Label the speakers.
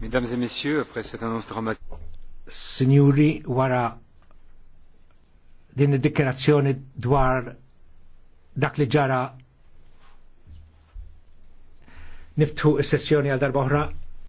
Speaker 1: Mesdames et messieurs, après cette annonce dramatique.
Speaker 2: Signori, wara din id-dikerazzjoni dwar dak li ġara niftħu is-sessjoni għal darba oħra